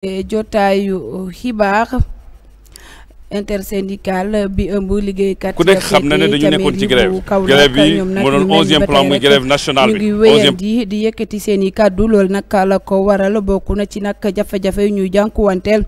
E jotaayu xibaar intersyndical bi ëmb liggéeykat. ku nekk xam na ne dañu nekkoon ci grève grève bi ñoom doon onzième plan muy grève nationale bi. onzième di di yëkkati seeni kàddu lool nag la ko waral bokk na ci nag jafe-jafe yu ñuy jànkuwanteel.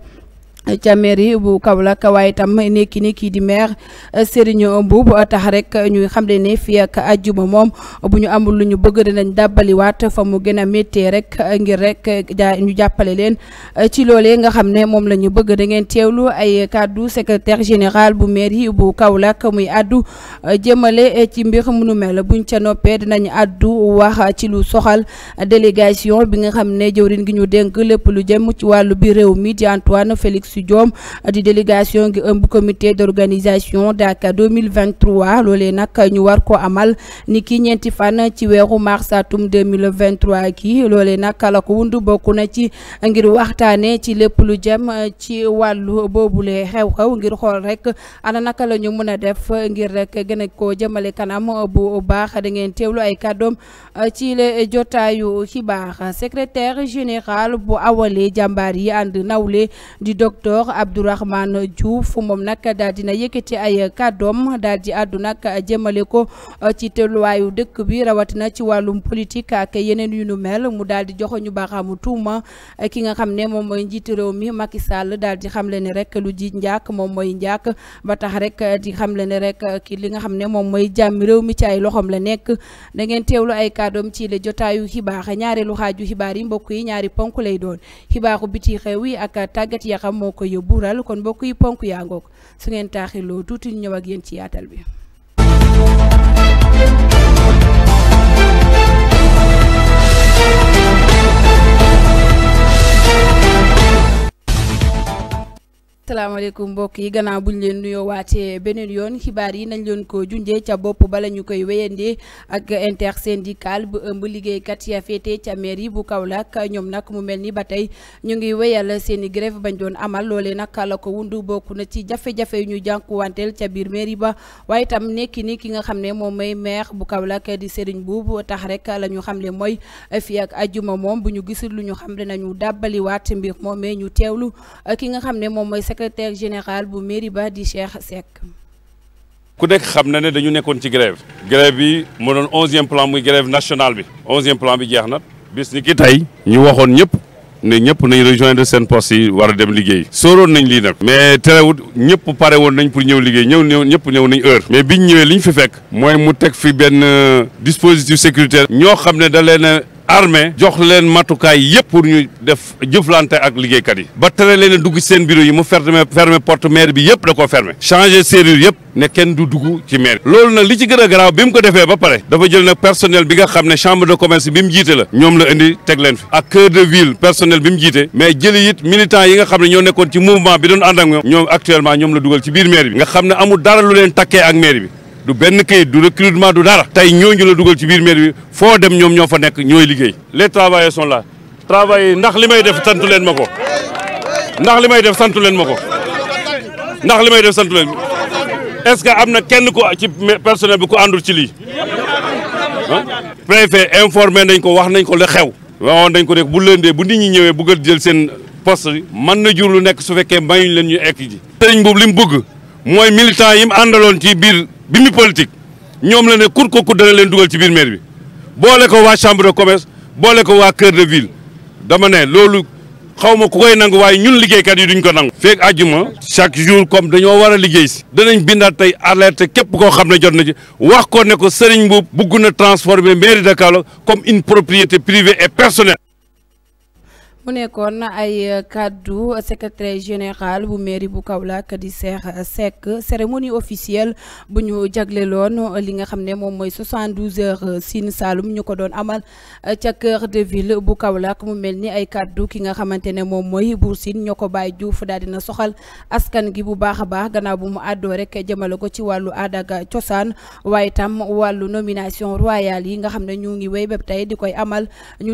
ca mairie bu kaw Kaolack waaye itam nekki ni kii di maire euh, Serigne Mbuub tax rek ñuy xamle ne fii ak àjjuma moom bu ñu amul lu ñu bëgg dinañ dàbbaliwaat fa mu gën a méttee rek ngir rek ja ñu jàppale leen euh, ci loolee nga xam ne moom la ñu bëgg da ngeen teewlu ay kàddu secrétaire général bu mairie bu Kaolack muy àddu euh, jëmale ci mbir munu nu mel buñ ca noppee dinañ àddu wax ci lu soxal délégation bi nga xam ne jëwriñ gi ñu dénk lépp lu jëm ci wàllu bi réew mi Antoine Félix du Diom di délégation du comité d'organisation d'AK 2023 L'Olena nag ñu war ko amal ni ki Tiwero fan ci weeru mars atum 2023 ki l'Olena nag la ko Tile bokk na ci ngir waxtaane ci lépp lu jëm ci wàllu boobule xew-xew ngir Tile rek ana def ngir rek a kanam bu baax secrétaire général bu awale jàmbaar yi du di docteur docteur Abdourahmane Diouf moom nag daal dina yëkkati ay kàddoom daal di àddu nag jëmale ko uh, ci tolluwaayu dëkk bi rawatina ci wàllum politique ak yeneen yu nu mel mu daal di joxoñu baaxaamu tuuma uh, ki nga xam ne moom mooy njiitu réew mi Macky Sall daal di xamle ne rek lu ji njaak moom mooy njaak ba tax rek di xamle ne rek uh, ki li nga xam ne moom mooy jàmmi réew mi ci ay loxoom la nekk da ngeen teewlu ay kàddoom ci le jotaayu xibaar ñaareelu xaaju xibaar yi mbokk yi ñaari ponk lay doon xibaaru biti xew ak tàggat yaxam moo ko yóbbu ral kon mbokk yi ponk yaa ngoog su ngeen loo tuuti ñëw ak yéen ci yaatal bi. asalaamaaleykum mbokk yi gannaaw ñu leen nuyoo waatee beneen yoon xibaar yi nañ leen ko junjee ca bopp bala ñu koy wéyandee ak seen intersyndical bu ëmb liggéeykat ya féete ca mairie bu kaw Kaolack ñoom nag mu mel ni ba tey ñu ngi wéyal seen i bañ doon amal loole nag la ko wundu bokk na ci jafe-jafe yu ñu jànkuwanteel ca biir mairie ba waaye itam nekki ni ki nga xam ne moom mooy meex bu Kaolack di Serigne Boubou tax rek la xam xamle mooy fii ak ajuma moom bu ñu gisul lu ñu xamle nañu dàbbaliwaat mbir moomee ñu teewlu secrétaire général du mairie ba Cheikh Sek. ku nekk xam na ne dañu nekkoon ci grève grève bi mu doon onzième plan muy grève nationale bi e plan bi jeex na bis ni ki tey ñu waxoon ñëpp ne ñëpp nañ rejoindre sen poste yi wara dem liggéey sóoroon nañ li nak mais terewut ñëpp paré won nañ pour ñëw liggéey ñëw ñëw ñëpp ñëw nañ heure mais biñ ñëwee liñ fi fekk moy mu tek fi ben dispositif sécuritaire ño xam da leena armée jox leen matukaay yëpp pour ñu def jëflante ak liggéeykat yi ba tere leen dugg seen bureau yi mu ferme ferme porte maire bi yëpp da koo ferme changé serrure yëpp ne kenn du dugg ci maire loolu nag li ci gën a garaaw bi mu ko defee ba pare dafa jël nag personnel bi nga xam ne chambre de commerce bi mu jiite la ñoom la indi teg leen fi ak cœur de ville personnel bi mu jiite mais jëli it militant yi nga xam ne ñoo nekkoon ci mouvement bi doon ànd ci biir maire bi nga xam ne amul dara lu leen takkee ak maire bi du benn kayit du recrutement du dara. tey ñooñu la dugal ci biir mairie bi foo dem ñoom ñoo fa nekk ñooy liggéey. les travailleurs sont là travail ndax li may def santu leen ma ko ndax li may def santu leen ma ko ndax li may def santu leen est-ce que am na kenn ko ci personnel bi ku àndul ci lii préfet informé nañ ko wax nañ ko la xew. waxoon nañ ko rek bu lëndee bu nit ñi ñëwee bëgg a jël seen post bi mën na jur lu nekk su fekkee mayuñ leen ñu ekk ji. sëriñ li mu bëgg mooy militant yi mu ci biir. bi politique ñom la né cour ko kur dana leen dugal ci biir maire bi bolé ko wa chambre de commerce bolé ko wa cœur de ville dama né lolu xawma ku koy nang way ñun liggéey kat yi duñ ko nang fek aljuma chaque jour comme dañoo wara liggéey si. danañ bindaat tey alerte képp ko xamné jot na ci wax ko né ko Serigne Mboup bëgguna transformer mairie de Kaolack comme une propriété privée et personnelle. mu nekkoon ay kaddu secrétaire général bu mairie bu Kaolack di Cheikh Seck cérémonie officielle bu ñu jagleloon li nga xam ne moom mooy 72 heures Sine Saloum ñu ko doon amal ca cœur de ville bu Kaolack mu mel ni ay kaddu ki nga xamante ne moom mooy Bour siin ñoo ko bàyyi Diouf daal dina soxal askan gi bu baax a baax gannaaw bu mu àddoo rek jëmale ko ci wàllu aadaga cosaan waaye tam wàllu nomination royale yi nga xam ne ñu ngi wéy bépp tey di koy amal ñu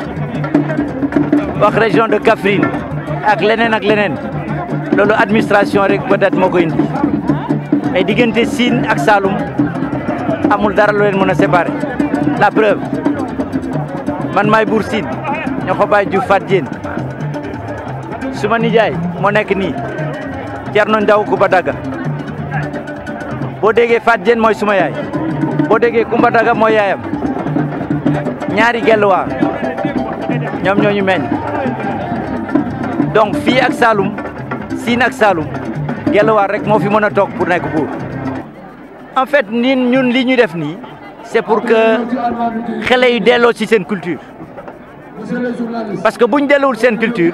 wax région de Kaffrine ak leneen ak leneen loolu administration rek peut-être moo ko indi diggante Sine ak Saloum amul dara lu leen mën a séparer la preuve man maay buur Sine ñoo ko bàyyi Diouf Fat Diène suma nijaay moo nekk nii Thierno Ndaw Kumba Daga boo déggee Fat Diène mooy suma yaay boo dege Kumba Daga mooy yaayam ñaari gelluwaa ñoom ñooñu meñ donc fi ak Saloum Sine ak Saloum Guelwaar rek mo fi meuna tok pour nek bour en fait ñun ñun li ñu def ni c'est pour que xalé yu délo ci sen culture parce que buñ ñu sen culture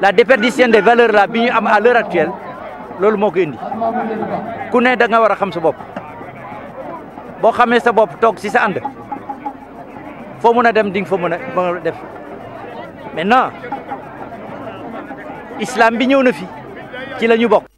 la déperdition des valeurs là bi ñu am à l'heure actuelle loolu moko indi ku ne da nga wara xam sa bop bo xamé sa bop tok ci sa ànd fo meuna dem ding fo meuna mën a mën a def maintenant islaam bi ñëw na fi ci la ñu bokk.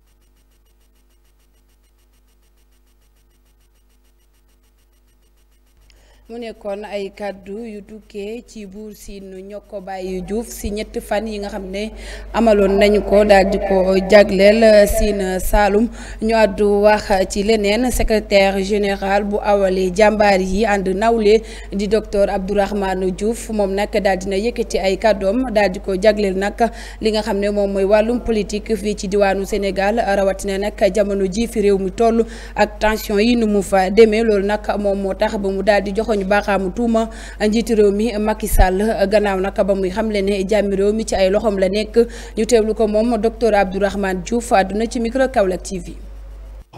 mu nekkoon ay kàddu yu tukkee ci buur siin ñokko bàyyi juuf si ñett fan yi nga xam ne amaloon nañu ko daal di ko jagleel siin Saalum ñu àddu wax ci leneen secretaire général bu awale jàmbaar yi ànd nawle di docteur Abdourahmane Diouf moom nag daal dina yëkkati ay kàddoom daal di ko jagleel nag li nga xam ne moom mooy wàllum politique fii ci diwaanu Sénégal rawatina nag jamono ji fi réew mi toll ak tension yi nu mu fa demee loolu nag moom moo tax mu daal di joxoñ baaraamu tuuma njiitu réew mi Macky Sall gannaaw nag ba muy xamle ne jàmmi réew mi ci ay loxoom la nekk ñu teewlu ko moom docteur Abdourahmane Diouf àdduna ci micro Kaolack TV.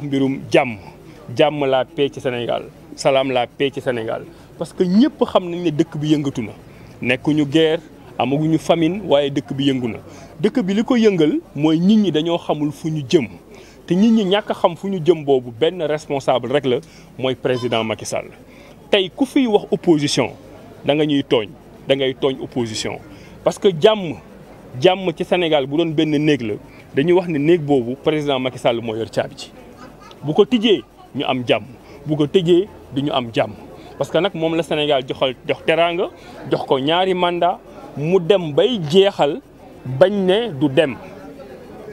mbirum jàmm jàmm la paix ci Sénégal salaam la paix ci Sénégal parce que ñëpp xam nañ ne dëkk bi yëngatu na nekkuñu guerre amaguñu famine waaye dëkk bi yëngu na dëkk bi li ko yëngal mooy nit ñi dañoo xamul fu ñu jëm te nit ñi ñàkk xam fu ñu jëm boobu benn responsable rek la mooy président Macky Sall. tey ku fiy wax opposition da nga ñuy tooñ da ngay tooñ opposition parce que jàmm jàmm ci Sénégal bu doon benn néeg la dañuy wax ne néeg boobu président Macky Sall moo yor caabi ci bu ko tijjee ñu am jàmm bu ko tëjee du ñu am jàmm parce que nag moom la Sénégal joxal jox teraanga jox ko ñaari mandat mu dem bay jeexal bañ ne du dem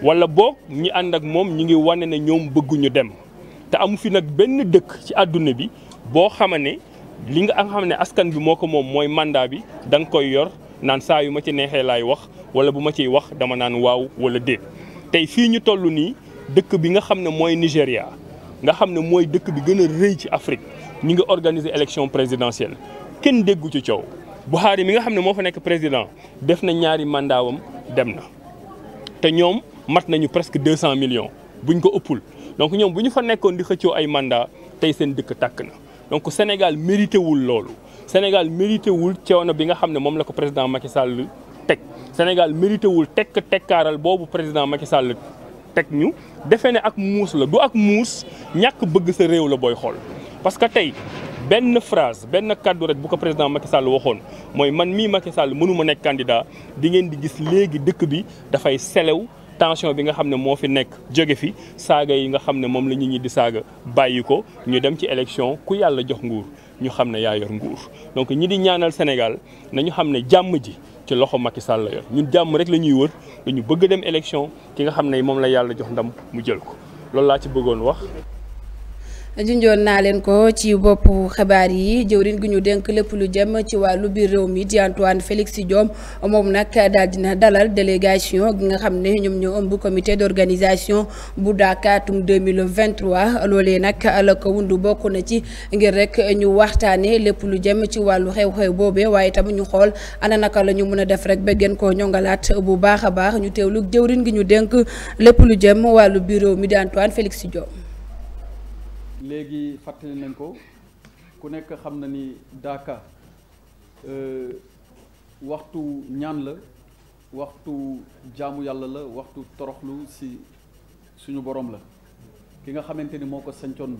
wala boog ñi ànd ak moom ñu ngi wane ne ñoom bëgguñu dem te amu fi nag benn dëkk ci àdduna bi boo xama ne li nga xam ne askan bi moo ko moom mooy mandat bi da nga koy yor naan saa yu ma ci neexee laay wax wala bu ma ciy wax dama naan waaw wala déet tey fii ñu toll nii dëkk bi nga xam ne mooy Nigéria nga xam ne mooy dëkk bi gën a rëy ci Afrique ñu ngi organiser élection présidentielle kenn déggu ci coow Buhari mi nga xam ne moo fa nekk président def na ñaari mandaawam dem na te ñoom mat nañu presque deux cent millions buñ ko ëppul donc ñoom bu ñu fa nekkoon di xëccoo ay mandat tey seen dëkk tàkk na donc Sénégal mérité wul loolu Sénégal mérité wul coono bi nga xam ne moom la ko président Macky Sall teg Sénégal mérité wul tekk tekkaaral boobu président Macky Sall teg ñu defe ne ak muus la du ak muus ñàkk bëgg sa réew la booy xool parce que tey benn phrase benn kàddu rek bu ko président Macky Sall waxoon mooy man mii Macky Sall mënuma nekk candidat di ngeen di gis léegi dëkk bi dafay selew tension bi nga xamné mo fi nek jóge fi saaga yi nga xamné mom la nit ñi di saga bayiko ñu dem ci élection ku yalla jox nguur ñu xamné ya yor nguur donc ñi di ñaanal Sénégal nañu xam ne jàmm ji ci loxo Macky Sall la yor ñun jamm rek la ñuy wër dañu bëgg dem élection ki nga xamné mom la yalla jox ndam mu jël ko loolu la ci bëggoon wax. junjoon naa leen ko ci boppu xabaar yi jëwriñ gi ñu dénk lépp lu jëm ci wàllu biir réew mi di Antoine Félix Diome moom nag daal dalal délégation gi nga xam ne ñoom ñoo ëmb comité d'organisation bu Dakar atum 2023 loolee nag la ko wundu bokk na ci ngir rek ñu waxtaanee lépp lu jëm ci wàllu xew-xew waaye tam ñu xool ana naka la ñu mën a def rek ba gën koo ñongalaat bu baax a baax ñu teewlu jëwriñ gi ñu dénk lépp lu jëm wàllu biir réew mi di léegi fàttali nañ ko ku nekk xam na ni daaka euh, waxtu ñaan la waxtu jaamu yàlla la waxtu toroxlu si suñu borom la ki nga xamante ni moo ko sancoon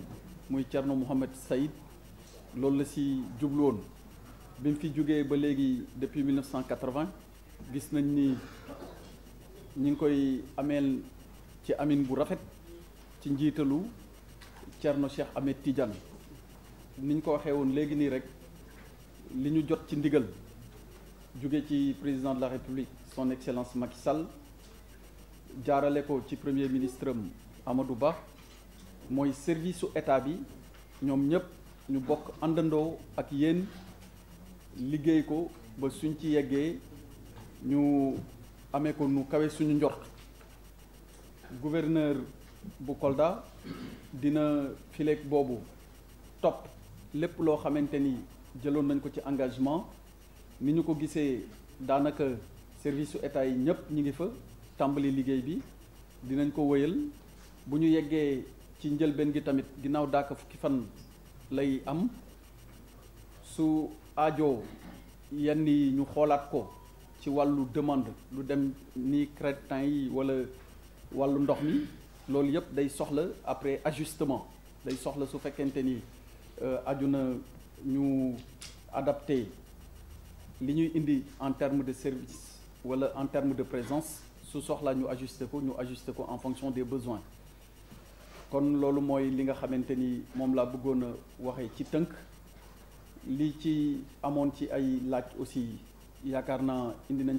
muy Thierno Mohamed Saïd loolu la si jubloon bi mu fi jógee ba léegi depuis 1980 gis nañ ni ñu ngi koy ameel ci amin bu rafet ci njiitalu Thierno Cheikh Ahmed Tidiane niñ ko waxé won légui ni rek liñu jot ci ndigal jóge ci président de la république son excellence Macky Sall jaarale ko ci premier ministre Amadou Ba moy service état bi ñom ñëpp ñu bokk àndandoo ak yeen liggéey ko ba suñ ci yeggé ñu amé ko nu kawé suñu njort gouverneur bu Kolda dina fileeg boobu topp lépp loo xamante ni jëloon nañ ko ci engagement ni ñu ko gisee daanaka service su état yi ñëpp ñu ngi fa tàmbali liggéey bi dinañ ko wëyal bu ñu yeggee ci njëlbeen gi tamit ginnaaw daaka fukki fan lay am su ajoo yenn yi ñu xoolaat ko ci wàllu demande lu dem ni créditants yi walla wàllu ndox mi loolu yëpp après ajustement day soxla su fekkente euh, en termes de service ou en termes de présence su soxla ñu ajusté ko ñu en fonction des besoins kon loolu mooy li nga xamante ni moom laa ci aussi yaakaar indi nañ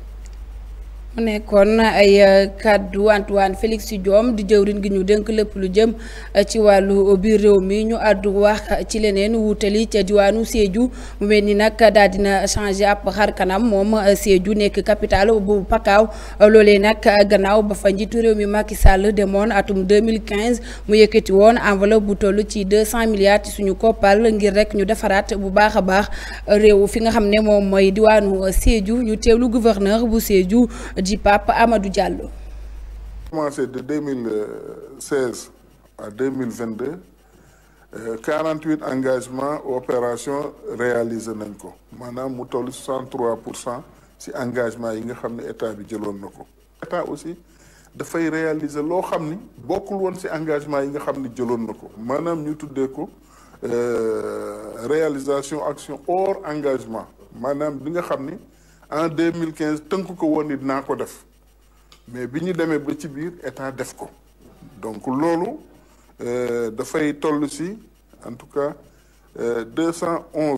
mu nekkoon ay euh, kàddu Antoine Félix Diome di jëwriñ gi ñu dénk lépp lu jëm euh, ci wàllu biir réew mi ñu àddu wax ci leneen wuutali ca diwaanu Sédhiou mu mel ni nag daal dina changé ab xar kanam moom euh, Sédhiou nekk capitale bu Pakaaw loolee nag gannaaw ba fa njiitu réew mi Macky Sall demoon atum 2015 mu yëkkati woon enveloppe bu toll ci 200 milliards ci suñu koppal ngir rek ñu defaraat bu baax a baax réew fi nga xam ne moom mooy diwaanu Sédhiou ñu teewlu gouverneur bu Sédhiou. pas, Pape Amadou Diallo. commencé de 2016 à 2022 48 euh, engagements opérations réalisées nañ Maintenant, mu 63 pour ci engagement yi nga xam état bi jëloon nako état aussi fay réaliser lo xamni bokul won ci engagement yi nga xamni ne nako manam ñu tuddé ko euh, réalisation action hors engagement maintenant, bi nga xamni en 2015 tënk ko woon na ko def mais biñu démé demee ba ci biir état def ko donc fait euh, fay toll ci en tout cas 211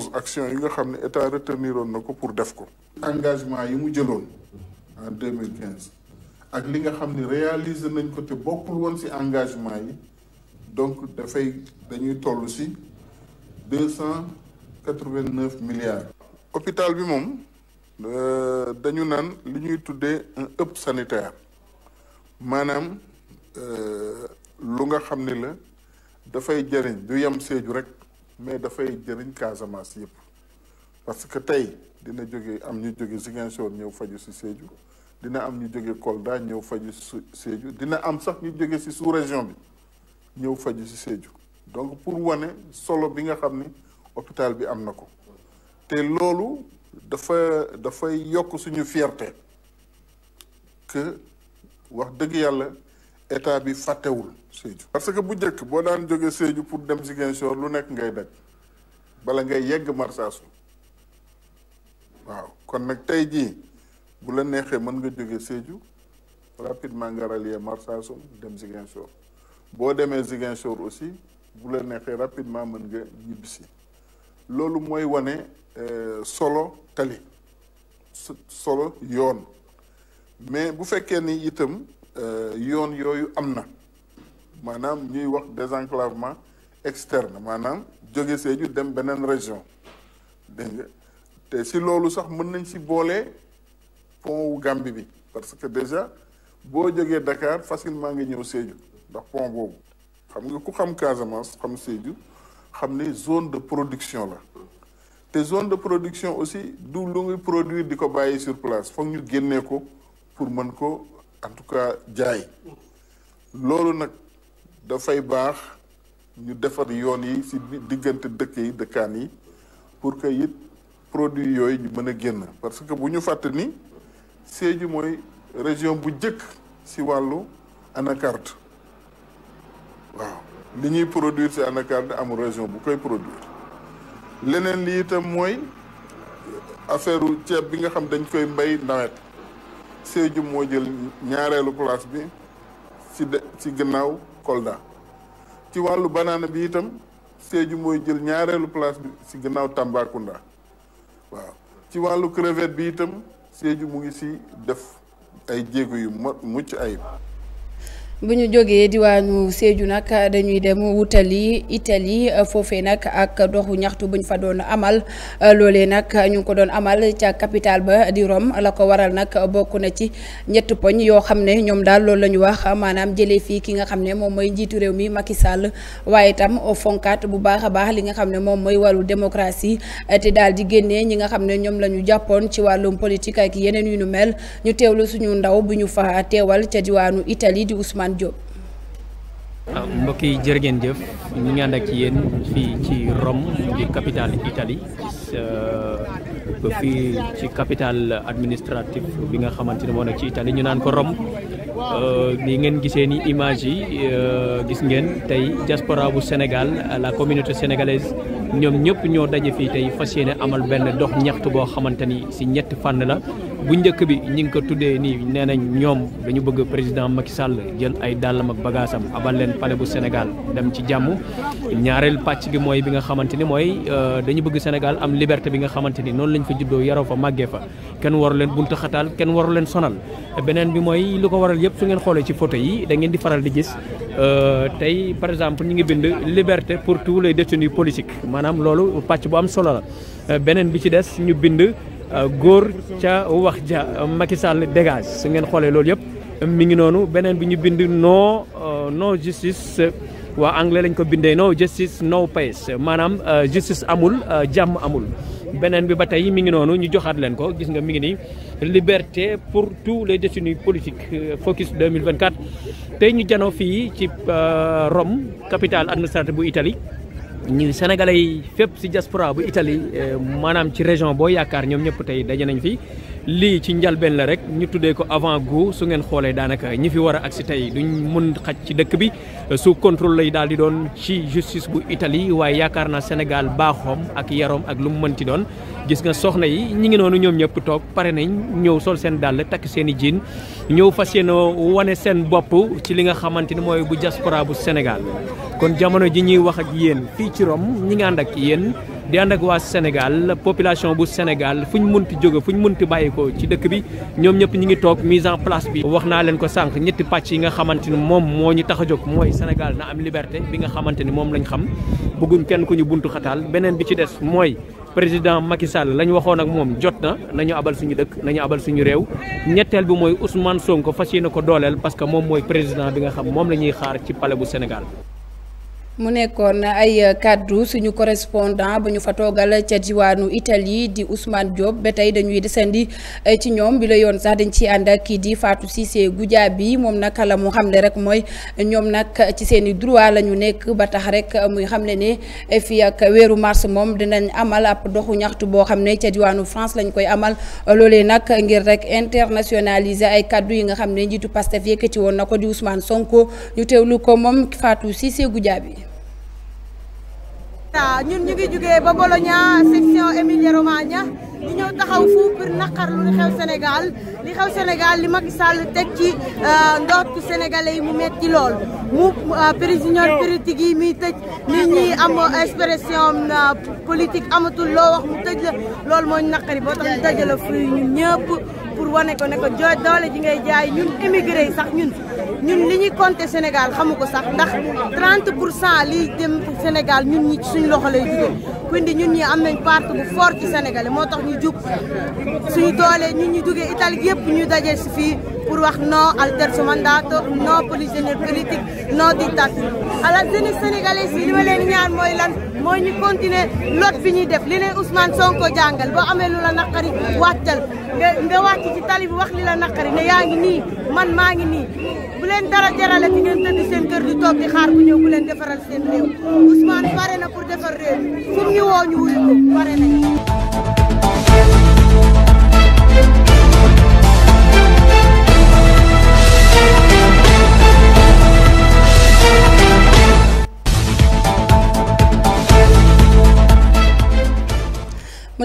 euh, actions yi nga xam état retenir pour def ko engagement yi mu jëloon en 2015 ak li nga xam réalisé, réaliser nañ ko te bokul won ci engagement yi donc fay dañuy toll ci 289 milliards hôpital bi mom Euh, dañu naan li ñuy tuddee un sanitaire maanaam euh, lu nga xam ni la dafay jëriñ du yem Sédhiou rek mais dafay jëriñ Casamance yëpp parce que tey dina jóge am ñu jóge Ziguinchor ñëw faju si Sédhiou dina am ñu jóge Kolda ñëw faju si dina am sax ñu jóge si sous région bi ñëw faju si Sédhiou donc pour wane solo bi nga xam ni hôpital bi am na ko te loolu dafa dafay yokk suñu fierté que wax dëgg yàlla état bi fàttewul Sédhiou. parce que bu njëkk lunak daan jóge Sédhiou pour dem Ziguinchor lu nekk ngay daj bala ngay yegg Marsassoum waaw kon nag tey jii bu la neexee mën nga jóge Sédhiou rapidement nga rallier dem aussi bu la rapidement nga loolu mooy wane euh, solo tali solo yoon mais bu fekkee ni itam euh, yoon yooyu am na maanaam ñuy wax désenclavement externe maanaam jóge Sédhiou dem beneen région dégg nga te si loolu sax mën nañ si boole pont wu Gambie bi parce que déjà boo jógee Dakar facilement nga ñëw Sédhiou ndax pont boobu xam nga ku xam Casamance xam Sédhiou xam ne zone de production la te zone de production aussi du lu ngi produire di ko bàyyi sur place foog ñu génnee ko pour mën ko en tout cas jaay loolu nag dafay baax ñu defar yoon yi si diggante dëkk yi dëkkaan yi pour que it produit yooyu ñu mën génn parce que bu ñu fàtt ni Sédhiou mooy région bu njëkk si wàllu anacarde waaw li ñuy produire ci anacarde amul région bu koy produire leneen li itam mooy affaire ceeb bi nga xam dañ koy mbay nawet Sédhiou moo jël ñaareelu place bi ci ci gannaaw Kolda ci wàllu banaana bi itam Sédhiou mooy jël ñaareelu place bi ci gannaaw Tambacounda waaw ci wàllu crevette bi itam Sédhiou mu ngi ci def ay jéego yu mucc ay bu ñu jógee diwaanu seeju nag dañuy dem wutali Italie foofe nag ak doxu ñaxtu bu ñu fa doon amal loolee nag ñu ngi ko doon amal ca capital ba di Rome la ko waral nag bokk na ci ñett poñ yoo xam ne ñoom daal loolu la ñu wax maanaam jëlee fii ki nga xam ne moom mooy njiitu réew mi Macky Sall waaye tam fonkaat bu baax a baax li nga xam ne moom mooy wàllu démocratie te daal di génnee ñi nga xam ne ñoom la ñu jàppoon ci wàllum politique ak yeneen yu nu mel ñu teewlu suñu ndaw bu ñu fa teewal ca diwaanu Italie di Ousmane. Ousmane Diop. waaw ah, mbokk yi jërë ngeen jëf ñu ngi ànd ak yéen fii ci Rome di capitale Italie euh, fii ci capitale administrative bi nga xamante ne moo nekk ci Italie ñu naan ko Rome. ni euh, ngeen gisee ni image yi euh, gis ngeen tey diaspora bu Sénégal la communauté sénégalaise ñoom ñëpp ñoo daje fii tey fas amal benn dox ñaxtu boo xamante ni si ñetti fànn la. bu njëkk bi ñi ngi ko tuddee nii nee nañ ñoom dañu bëgg président Macky sàll jël ay dàllam ak bagaasam abal leen palais bu Sénégal dem ci jàmm ñaareel pàcc bi mooy bi nga xamante ni mooy euh, dañu bëgg Sénégal am liberte bi nga xamante ni noonu lañ fa juddoo yaroo fa màggee fa kenn waru leen bunta xataal kenn waru leen sonal beneen bi mooy lu ko waral yëpp su ngeen xoolee ci photo yi da ngeen di faral di gis euh, tey par exemple ñu ngi bind liberté pour tous les détenus politiques maanaam loolu pàcc bu am solo la beneen bi ci des ñu bind Euh, góor ca wax ja euh, Macky Sall dégage su ngeen xoolee loolu yëpp euh, mi ngi noonu beneen bi ñu bind no no justice waa anglais lañ ko bindee no justice no peace maanaam justice amul jàmm amul beneen bi ba tey mi ngi noonu ñu joxaat leen ko gis nga mi ngi nii liberté pour tout les détenus politiques focus 2024 tey ñu janoo fii ci Rome capital administrative bu itali ñu sénégalais yi fépp si diaspora bu Italie eh, maanaam ci région boo yaakaar ñoom ñëpp tey daje nañ fi. lii ci njalbeen la rek ñu tuddee ko avant goût su ngeen xoolee daanaka ñi fi war a si tey ñu mën xaj ci dëkk bi sous contrôle lay daal di doon ci justice bu itali waaye yaakaar naa Sénégal baaxoom ak yaroom ak lu mu mënti doon gis nga soxna yi ñi ngi noonu ñoom ñëpp toog pare nañ ñëw sol seen dàll takk seen i jiin ñëw fas yéene wane seen bopp ci li nga xamante ni mooy bu diaspora bu senegaal kon jamono ji ñuy wax ak yéen fii ci Rome ñi nga ànd ak yéen di ànd ak waa Sénégal population bu Sénégal fu ñu munti jóge fu ñu munti bàyyi ko ci dëkk bi ñoom ñëpp ñi ngi toog mise en place bi. wax naa leen ko sànq ñetti pàcc yi nga xamante ni moom moo ñu tax a jóg mooy Sénégal na am liberté bi nga xamante ni moom lañ xam bëgguñ kenn ku ñu buntu xataal beneen bi ci des mooy. président Macky Sall la ñu waxoon ak moom jot na nañu abal suñu dëkk nañu abal suñu réew ñetteel bi mooy Ousmane Sonko fas yéene ko dooleel parce que moom mooy président bi nga xam moom la ñuy xaar ci palais bu Sénégal. mu nekkoon ay kaddu suñu correspondant ba ñu fa toogal ca diwaanu Italie di Ousmane Diop ba tey dañuy desandi eh, ci ñoom bi la yoon sax dañ ci ànd ak kii di Fatou Cissé Goudiaby moom nag la mu xamle rek mooy ñoom nag ci seen i droit la ñu nekk ba tax rek muy xamle ne eh, fii ak weeru mars moom dinañ amal ab doxu ñaxtu boo xam ne ca diwaanu France lañ koy amal loolee nag ngir rek internationaliser ay kaddu yi nga xam ne njiitu Pastef yëkkati woon na ko di Ousmane Sonko ñu teewlu ko moom faatu Fatou Cissé bi ñun ñu ngi ba Bologna section Emilia Romagna ñu ñëw taxaw fu pour naqar lu xew Sénégal li xew Sénégal li Macky Sall teg ci euh, ndoortu sénégalais yi mu metti lool mu euh, prisonnier politique yi muy tëj nit ñi am expression euh, politique amatul loo wax mu tëj la loolu mooy naqari boo tax ñu dajale fruit ñun ñëpp pour wane ko ne ko jooj doole ji ngay jaay ñun émigré sax ñun ñun li ñuy compter Sénégal xamu ko sax ndax 30 pour cent liy dem senegal ñun ñi ci suñu loxo lay jugee kundi ñun ñi am nañ part bu fort ci Sénégal moo tax ñu jug suñu doolee ñun ñu jugee Italie yëpp ñu daje si fii pour wax non al terzo mandato non politique non dictature à la jeunesse sénégalaise yi li leen ñaan mooy lan. mooy ñu continuer lot bi ñuy def li leen Ousmane Sonko jàngal boo amee lu la naqari wàccal nga nga wàcc ci tali bi wax li la naqari ne yaa ngi nii man maa ngi nii bu leen dara jarale fi ngeen tëdd seen kër di toog di xaar bu ñëw bu leen defaral seen réew Ousmane pare na pour defar réew fu mu ñu woo ñu wuyu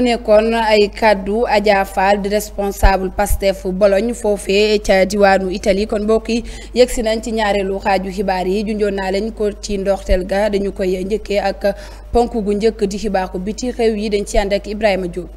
nekkoon ay kàddu Adja Fall di responsable Pastef Bologne foofee ca diwaanu Italie kon mbokk yi yegsi nañ ci ñaareelu xaaju xibaar yi junjoon naa leen ko ci ndoxteel ga dañu koy njëkkee ak ponk gu njëkk di xibaar ko biti réew yi dañ ci ànd ak Ibrahima Diop.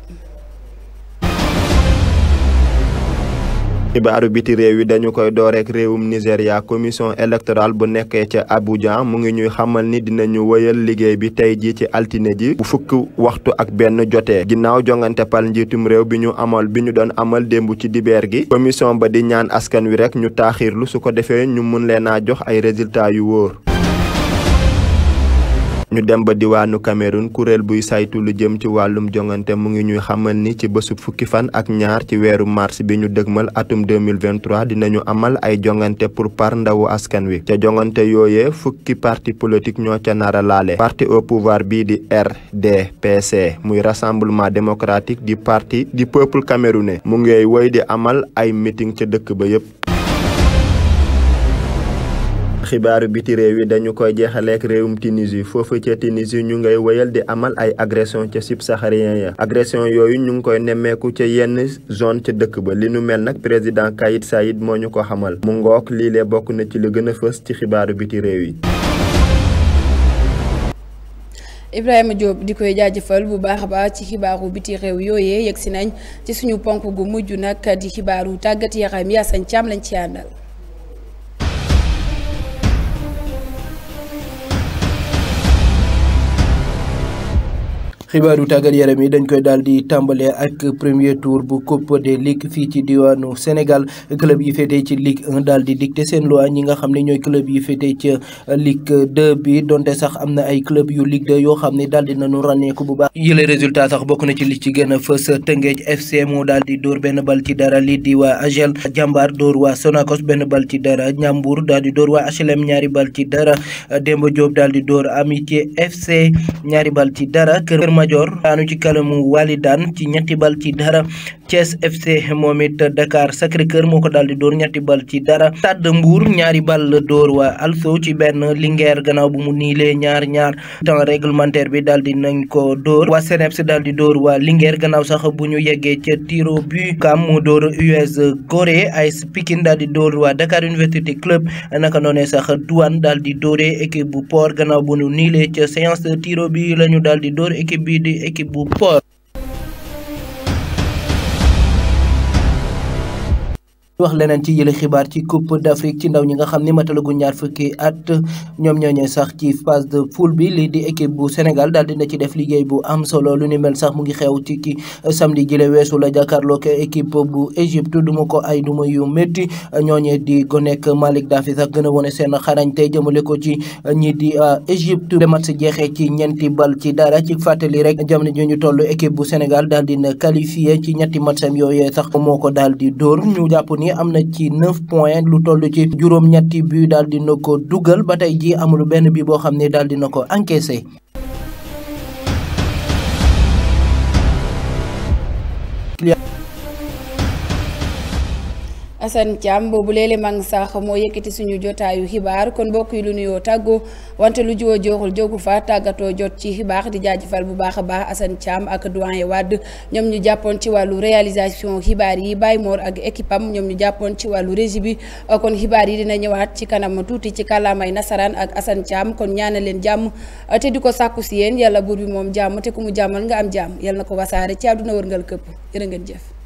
xibaaru biti réew yi dañu koy door réewum Nigéria commission électorale bu nekkee ca Abuja mu ngi ñuy xamal ni dinañu wëyal liggéey bi tey jii ci altine ji bu fukk waxtu ak benn jotee ginnaaw jongante pal njiitum réew bi ñu amal bi ñu doon amal démb ci dibeer gi commission ba di ñaan askan wi rek ñu taaxiirlu su ko defee ñu mun leen a jox ay résultat yu wóor. ñu dem ba diwaanu Cameroun kuréel buy saytu lu jëm ci wàllum jongante mu ngi ñuy xamal ni ci fukki fan ak ñaar ci weeru mars bi ñu dëgmal atum 2023 dinañu amal ay jongante pour par ndawu askan wi ca jongante yooyee fukki parti politique ñoo ca nara laale parti au pouvoir bii di RDPC muy rassemblement démocratique di parti di peuple camerounais mu wai de di amal ay meeting ca dëkk ba yépp xibaaru biti réew yi dañu koy jeexaleek réewum Tunisie foofu ca Tunisie ñu ngay wéyal di amal ay agression ca subsaharien ya agression yooyu ñu ngi koy nemmeeku ca yenn zone ca dëkk ba li nu mel nag président Kayit sayit moo ñu ko xamal mu ngook lii lee bokk na ci lu gën fës ci xibaaru biti réew yi Ibrahima Diop di koy jaajëfal bu baax a baax ci xibaaru biti réew yooyee yegsi nañ ci suñu ponk gu mujj nag di xibaaru tàggat yaram sañ caam lañ ci àndal. xibaaru tàggat yaram yi dañ koy daal di tàmbale ak premier tour bu coupe de ligue fii ci diwaanu Sénégal club yi féetee ci ligue 1 daal di dicté seen loi ñi nga xam ne ñooy club yi féetee ci ligue 2 bi donte sax am na ay club yu lig 2 yoo xam ne daal di nañu ràññeeku bu baax. yële résultat sax bokk na ci li ci gën a fës Tëngéej FC moo daal di dóor benn bal ci dara lii di waa Agel Jàmbaar door waa Sonacos benn bal ci dara Ñambour daal di dóor waa HLM ñaari bal ci dara Demba Diop daal di dóor Amitié FC ñaari bal ci dara Kër Major daanu ci kanamu Walidane ci ñetti bal ci dara Thiès FC Dakar Sacré-Cœur moo di dóor ñetti bal ci dara Stade Mbour ñaari bal la dóor waa Also ci benn Linguère gannaaw bu mu niilee ñaar ñaar temps réglementaire bi di nañ ko dóor waa CNEPS daal di dóor waa Linguère gannaaw sax bu ñu yeggee ca tiro bu kam mu dóor US di Dakar university Club naka noonee sax Douane daal di dóoree équipe bu Port gannaaw bu ñu niilee ca séance de di dóor équipe bi di équipe bu Port wax leneen ci yële xibaar ci coupe d'Afrique ci ndaw ñi nga xam ni matalagu ñaar fukki at ñoom ñooñu sax ci phase de poule bi lii di équipe bu Sénégal daal dina ci def liggéey bu am solo lu ni mel sax mu ngi xew ci ki samedi jële weesu la jakarlo ke équipe bu Égypte duma ko ay duma yu métti ñooñee di gonek malik Daffy sax gën a wone seen xarañte jëmale ko ci ñi di euh, Égypte de match jeexee ci ñeenti bal ci dara ci fàttali rek jamono ñu toll équipe bu Sénégal daal dina qualifié ci ñetti matcham yooyee sax moo ko di dóor ñu jàpp ni amna ci 9 points lu toll ci juróom-ñetti but di na ko dugal ba tey ji amul benn bi di na encaissé Assane Thiam boobu léeg-léeg mang sax moo yëkkati suñu jotaayu xibaar kon bokk yi lu nuyoo tàggoo wante lu jiwoo joxul jógu fa tàggatoo jot ci xibaar di jaajëfal bu baax a baax Assane ak doyen Wade ñoom ñu jàppoon ci wàllu réalisation xibaar yi Baye moor ak équipe ñoom ñu jàppoon ci wàllu régie bi kon xibaar yi dina ñëwaat ci kanam tuuti ci kàllaamay nasaraan ak Assane Thiam kon ñaanal leen jàmm te di ko sàkku si yéen yàlla buur bi moom jàmm te ku mu jàmmal nga am jàmm yàlla na ko wasaare ci àdduna wërngal këpp jërë ngeen jëf